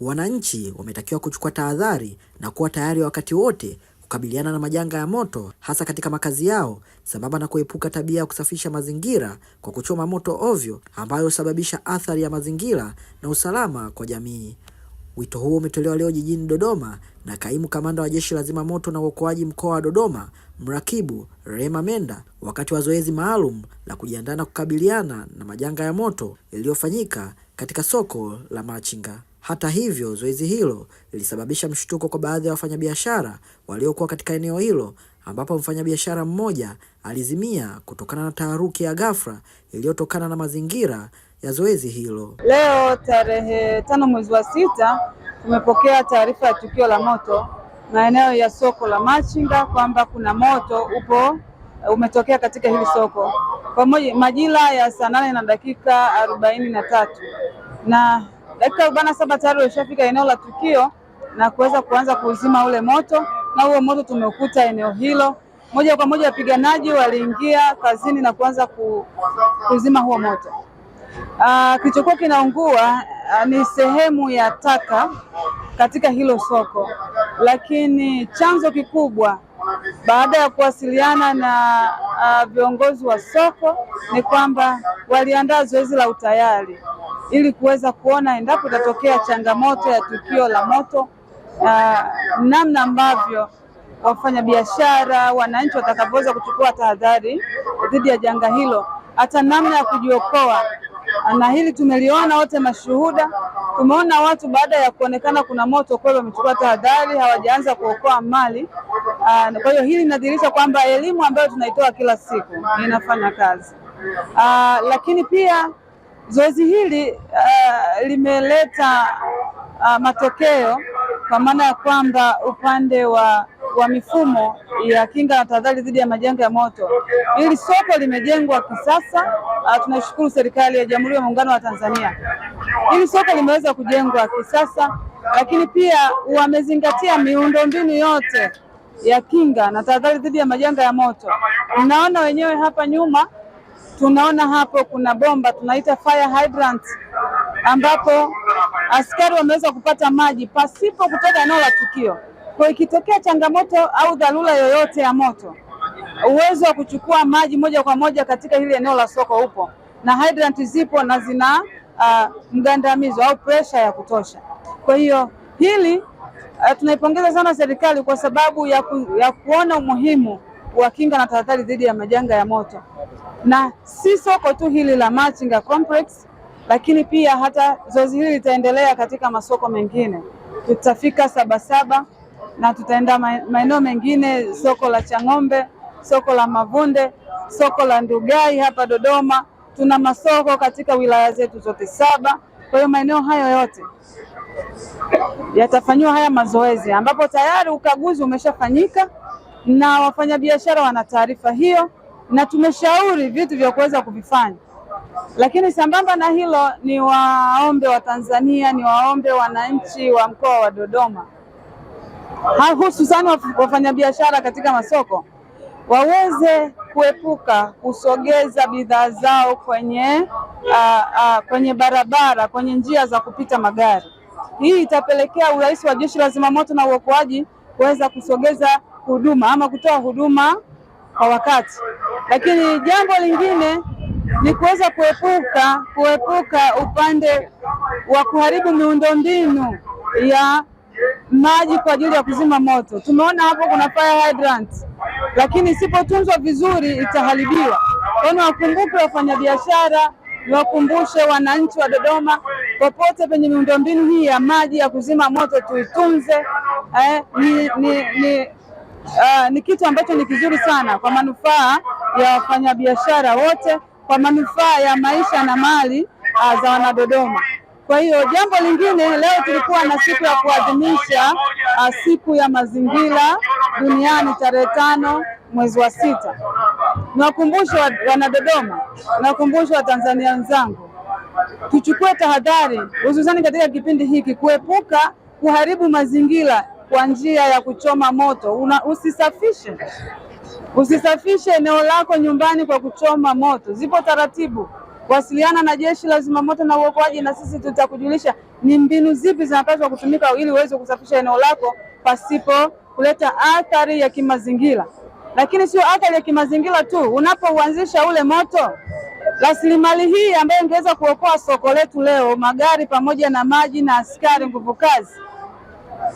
Wananchi wametakiwa kuchukua tahadhari na kuwa tayari wakati wote kukabiliana na majanga ya moto hasa katika makazi yao, sambamba na kuepuka tabia ya kusafisha mazingira kwa kuchoma moto ovyo, ambayo husababisha athari ya mazingira na usalama kwa jamii. Wito huo umetolewa leo jijini Dodoma na Kaimu Kamanda wa Jeshi la Zimamoto na Uokoaji Mkoa wa Dodoma, Mrakibu Rehema Menda, wakati wa zoezi maalum la kujiandaa na kukabiliana na majanga ya moto yaliyofanyika katika soko la Machinga. Hata hivyo, zoezi hilo lilisababisha mshtuko kwa baadhi ya wafanyabiashara waliokuwa katika eneo hilo ambapo mfanyabiashara mmoja alizimia kutokana na taharuki ya ghafla iliyotokana na mazingira ya zoezi hilo. Leo tarehe tano mwezi wa sita tumepokea taarifa ya tukio la moto maeneo ya soko la Machinga kwamba kuna moto upo eh, umetokea katika hili soko kwa majira ya saa nane na dakika arobaini na tatu na Dakika arobaini na saba tayari walishafika eneo la tukio na kuweza kuanza kuuzima ule moto, na huo moto tumeukuta eneo hilo moja kwa moja. Wapiganaji waliingia kazini na kuanza kuzima huo moto. Ah, kilichokuwa kinaungua ah, ni sehemu ya taka katika hilo soko, lakini chanzo kikubwa baada ya kuwasiliana na a, ah, viongozi wa soko ni kwamba waliandaa zoezi la utayari ili kuweza kuona endapo itatokea changamoto ya tukio la moto uh, namna ambavyo wafanyabiashara, wananchi watakavyoweza kuchukua tahadhari dhidi ya janga hilo, hata namna ya kujiokoa. Na hili tumeliona wote mashuhuda, tumeona watu baada ya kuonekana kuna moto kweli wamechukua tahadhari, hawajaanza kuokoa mali. Ah, kwa hiyo hili linadhihirisha kwamba elimu ambayo tunaitoa kila siku inafanya kazi. Aa, ah, lakini pia Zoezi hili uh, limeleta uh, matokeo kwa maana ya kwamba upande wa, wa mifumo ya kinga na tahadhari dhidi ya majanga ya moto, hili soko limejengwa kisasa. Uh, tunashukuru serikali ya Jamhuri ya Muungano wa Tanzania, hili soko limeweza kujengwa kisasa, lakini pia wamezingatia miundombinu yote ya kinga na tahadhari dhidi ya majanga ya moto. Mnaona wenyewe hapa nyuma Tunaona hapo kuna bomba tunaita fire hydrant, ambapo askari wameweza kupata maji pasipo kutoka eneo la tukio. Kwa ikitokea changamoto au dharura yoyote ya moto, uwezo wa kuchukua maji moja kwa moja katika hili eneo la soko upo na hydrant zipo na zina uh, mgandamizo au presha ya kutosha. Kwa hiyo hili uh, tunaipongeza sana serikali kwa sababu ya, ku, ya kuona umuhimu wa kinga na tahadhari dhidi ya majanga ya moto na si soko tu hili la Machinga Complex, lakini pia hata zoezi hili litaendelea katika masoko mengine. Tutafika Sabasaba na tutaenda maeneo mengine, soko la Chang'ombe, soko la Mavunde, soko la Ndugai hapa Dodoma. Tuna masoko katika wilaya zetu zote saba. Kwa hiyo maeneo hayo yote yatafanyiwa haya mazoezi, ambapo tayari ukaguzi umeshafanyika na wafanyabiashara wana taarifa hiyo na tumeshauri vitu vya kuweza kuvifanya. Lakini sambamba na hilo, ni waombe wa Tanzania, ni waombe wananchi wa mkoa wa Dodoma, hususani wafanyabiashara katika masoko waweze kuepuka kusogeza bidhaa zao kwenye, a, a, kwenye barabara, kwenye njia za kupita magari. Hii itapelekea urahisi wa jeshi la zimamoto na uokoaji kuweza kusogeza huduma ama kutoa huduma kwa wakati. Lakini jambo lingine ni kuweza kuepuka kuepuka upande wa kuharibu miundombinu ya maji kwa ajili ya kuzima moto. Tumeona hapo kuna fire hydrant, lakini isipotunzwa vizuri itaharibiwa. Kwani wakumbuke wafanyabiashara, niwakumbushe wananchi wa Dodoma, popote penye miundombinu hii ya maji ya kuzima moto tuitunze. Eh, ni, ni, ni uh, ni kitu ambacho ni kizuri sana kwa manufaa ya wafanyabiashara wote, kwa manufaa ya maisha na mali uh, za Wanadodoma. Kwa hiyo jambo lingine, leo tulikuwa na siku ya kuadhimisha uh, siku ya mazingira duniani tarehe tano mwezi wa sita. Niwakumbushe Wanadodoma, niwakumbushe Watanzania wenzangu, tuchukue tahadhari hususani katika kipindi hiki kuepuka kuharibu mazingira kwa njia ya kuchoma moto una, usisafishe usisafishe eneo lako nyumbani kwa kuchoma moto. Zipo taratibu, wasiliana na Jeshi la Zimamoto na Uokoaji na sisi tutakujulisha ni mbinu zipi zinapaswa kutumika ili uweze kusafisha eneo lako pasipo kuleta athari ya kimazingira. Lakini sio athari ya kimazingira tu, unapouanzisha ule moto, rasilimali hii ambayo ingeweza kuokoa soko letu leo, magari pamoja na maji na askari nguvu kazi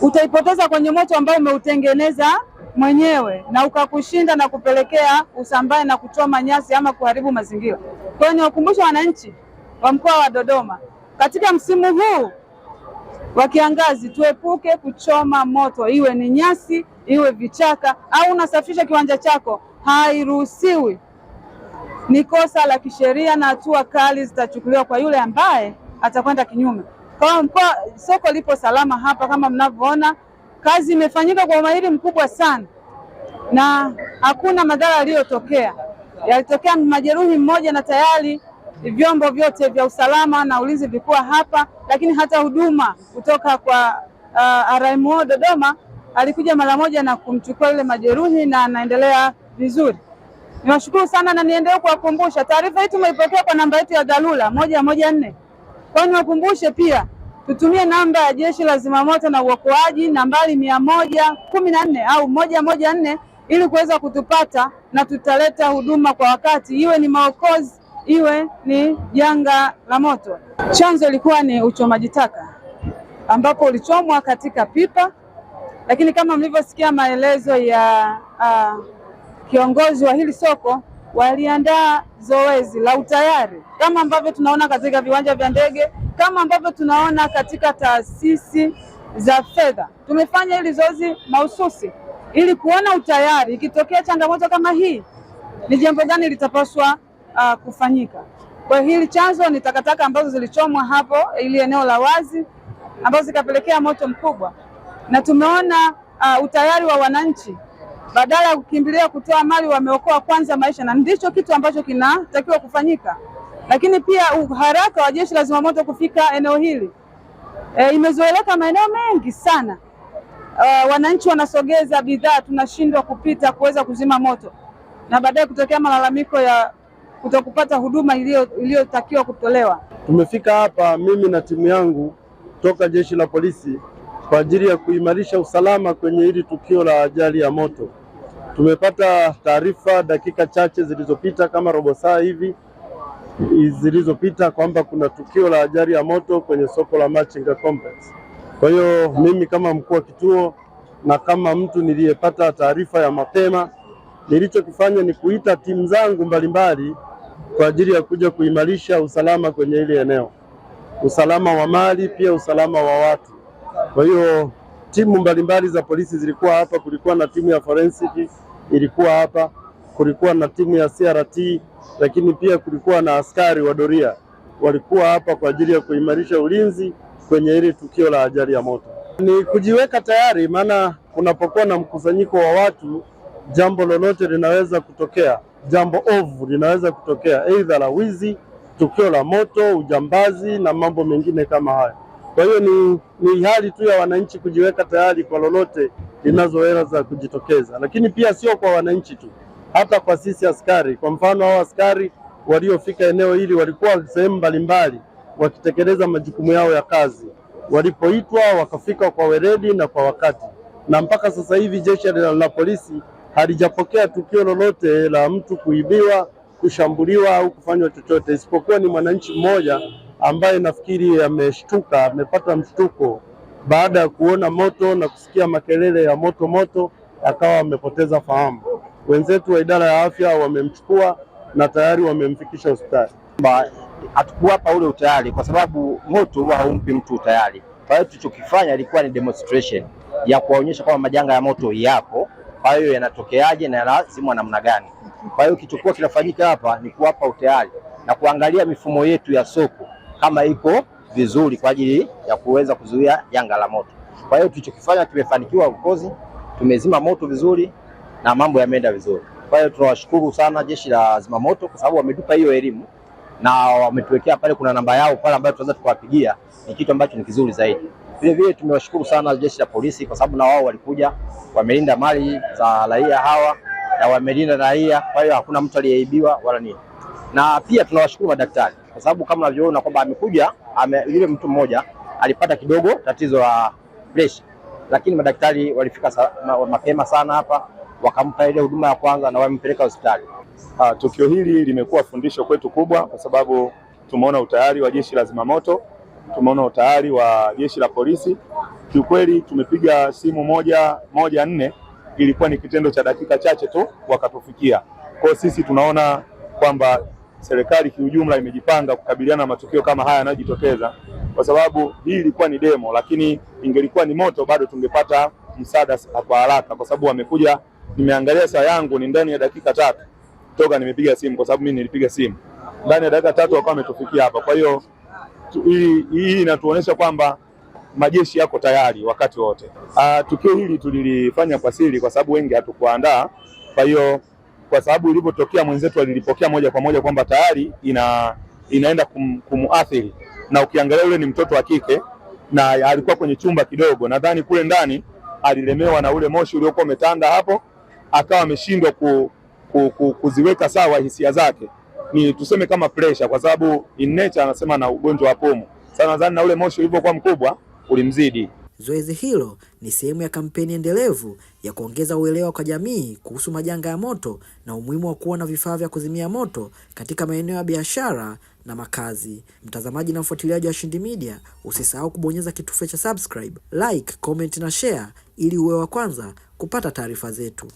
utaipoteza kwenye moto ambao umeutengeneza mwenyewe na ukakushinda na kupelekea usambae na kuchoma nyasi ama kuharibu mazingira. Kwa hiyo niwakumbusha wananchi wa mkoa wa Dodoma katika msimu huu wa kiangazi tuepuke kuchoma moto, iwe ni nyasi, iwe vichaka au unasafisha kiwanja chako, hairuhusiwi. Ni kosa la kisheria na hatua kali zitachukuliwa kwa yule ambaye atakwenda kinyume. Kwa mpa, soko lipo salama hapa kama mnavyoona, kazi imefanyika kwa umahiri mkubwa sana na hakuna madhara yaliyotokea. Yalitokea majeruhi mmoja, na tayari vyombo vyote vya usalama na ulinzi vikuwa hapa, lakini hata huduma kutoka kwa uh, RMO Dodoma alikuja mara moja na kumchukua yule majeruhi na anaendelea vizuri. Niwashukuru sana na niendelee kuwakumbusha, taarifa hii tumeipokea kwa namba yetu ya dharura moja moja nne kwa hiyo niwakumbushe pia tutumie namba ya Jeshi la Zimamoto na Uokoaji nambari mia moja kumi na nne au moja moja nne ili kuweza kutupata na tutaleta huduma kwa wakati, iwe ni maokozi, iwe ni janga la moto. Chanzo ilikuwa ni uchomaji taka ambapo ulichomwa katika pipa, lakini kama mlivyosikia maelezo ya uh, kiongozi wa hili soko waliandaa zoezi la utayari kama ambavyo tunaona katika viwanja vya ndege, kama ambavyo tunaona katika taasisi za fedha. Tumefanya hili zoezi mahususi ili kuona utayari, ikitokea changamoto kama hii, ni jambo gani litapaswa uh, kufanyika. Kwa hili chanzo ni takataka ambazo zilichomwa hapo ili eneo la wazi ambazo zikapelekea moto mkubwa, na tumeona uh, utayari wa wananchi badala ya kukimbilia kutoa mali wameokoa kwanza maisha, na ndicho kitu ambacho kinatakiwa kufanyika. Lakini pia uharaka wa jeshi la zimamoto kufika eneo hili e, imezoeleka maeneo mengi sana e, wananchi wanasogeza bidhaa, tunashindwa kupita kuweza kuzima moto na baadaye kutokea malalamiko ya kutokupata huduma iliyotakiwa kutolewa. Tumefika hapa mimi na timu yangu toka jeshi la polisi kwa ajili ya kuimarisha usalama kwenye hili tukio la ajali ya moto. Tumepata taarifa dakika chache zilizopita kama robo saa hivi zilizopita kwamba kuna tukio la ajali ya moto kwenye soko la Machinga Complex. Kwa hiyo mimi kama mkuu wa kituo na kama mtu niliyepata taarifa ya mapema, nilichokifanya ni kuita timu zangu mbalimbali kwa ajili ya kuja kuimarisha usalama kwenye ile eneo, usalama wa mali, pia usalama wa watu. Kwa hiyo timu mbalimbali za polisi zilikuwa hapa, kulikuwa na timu ya forensics ilikuwa hapa, kulikuwa na timu ya CRT, lakini pia kulikuwa na askari wa doria walikuwa hapa kwa ajili ya kuimarisha ulinzi kwenye hili tukio la ajali ya moto. Ni kujiweka tayari, maana kunapokuwa na mkusanyiko wa watu, jambo lolote linaweza kutokea, jambo ovu linaweza kutokea, aidha la wizi, tukio la moto, ujambazi na mambo mengine kama hayo. Kwa hiyo ni, ni hali tu ya wananchi kujiweka tayari kwa lolote linazoweza kujitokeza, lakini pia sio kwa wananchi tu, hata kwa sisi askari. Kwa mfano, hao askari waliofika eneo hili walikuwa sehemu mbalimbali wakitekeleza majukumu yao ya kazi, walipoitwa wakafika kwa weledi na kwa wakati, na mpaka sasa hivi jeshi la polisi halijapokea tukio lolote la mtu kuibiwa, kushambuliwa au kufanywa chochote, isipokuwa ni mwananchi mmoja ambaye nafikiri ameshtuka, amepata mshtuko baada ya kuona moto na kusikia makelele ya moto moto, akawa amepoteza fahamu. Wenzetu wa idara ya afya wamemchukua na tayari wamemfikisha hospitali. Hatukuwapa ule utayari, kwa sababu moto huwa haumpi mtu utayari. Kwa hiyo tulichokifanya ilikuwa ni demonstration ya kuwaonyesha kwamba majanga ya moto yapo, kwa hiyo yanatokeaje na yanazimwa namna gani. Kwa hiyo kilichokuwa kinafanyika hapa ni kuwapa utayari na kuangalia mifumo yetu ya soko kama iko vizuri kwa ajili ya kuweza kuzuia janga la moto. Kwa hiyo tulichokifanya kimefanikiwa, ukozi tumezima moto vizuri na mambo yameenda vizuri. Kwa hiyo tunawashukuru sana Jeshi la Zimamoto kwa sababu wametupa hiyo elimu na wametuwekea pale, kuna namba yao pale ambayo tunaweza tukawapigia, ni kitu ambacho ni kizuri zaidi. Vile vile tumewashukuru sana Jeshi la Polisi kwa sababu na wao walikuja, wamelinda mali za raia hawa na wamelinda raia, kwa hiyo hakuna mtu aliyeibiwa wala nini, na pia tunawashukuru madaktari kwa sababu kama unavyoona kwamba amekuja ame, yule mtu mmoja alipata kidogo tatizo la pressure, lakini madaktari walifika sa, mapema sana hapa wakampa ile huduma ya kwanza na wamempeleka hospitali. Ah, tukio hili limekuwa fundisho kwetu kubwa, kwa sababu tumeona utayari wa jeshi la zimamoto, tumeona utayari wa jeshi la polisi. Kiukweli tumepiga simu moja moja nne, ilikuwa ni kitendo cha dakika chache tu wakatufikia. Kwa hiyo sisi tunaona kwamba serikali kiujumla imejipanga kukabiliana na matukio kama haya yanayojitokeza, kwa sababu hii ilikuwa ni demo, lakini ingelikuwa ni moto bado tungepata msaada kwa haraka, kwa sababu wamekuja. Nimeangalia saa yangu ni ndani ya dakika tatu toka nimepiga simu, kwa sababu mimi nilipiga simu ndani ya dakika tatu wakawa wametufikia hapa. Kwa hiyo hii inatuonyesha kwamba majeshi yako tayari wakati wote. Ah, tukio hili tulilifanya kwa siri, kwa sababu wengi hatukuandaa, kwa hiyo kwa sababu ilivyotokea mwenzetu alilipokea moja kwa moja kwamba tayari ina, inaenda kum, kumuathiri na ukiangalia yule ni mtoto wa kike na alikuwa kwenye chumba kidogo, nadhani kule ndani alilemewa na ule moshi uliokuwa umetanda hapo, akawa ameshindwa ku, ku, ku, kuziweka sawa hisia zake, ni tuseme kama pressure, kwa sababu in nature anasema na ugonjwa wa pumu. Sasa nadhani na ule moshi ulivyokuwa mkubwa ulimzidi. Zoezi hilo ni sehemu ya kampeni endelevu ya kuongeza uelewa kwa jamii kuhusu majanga ya moto na umuhimu wa kuwa na vifaa vya kuzimia moto katika maeneo ya biashara na makazi. Mtazamaji na mfuatiliaji wa Shindi Media, usisahau kubonyeza kitufe cha subscribe, like, comment na share ili uwe wa kwanza kupata taarifa zetu.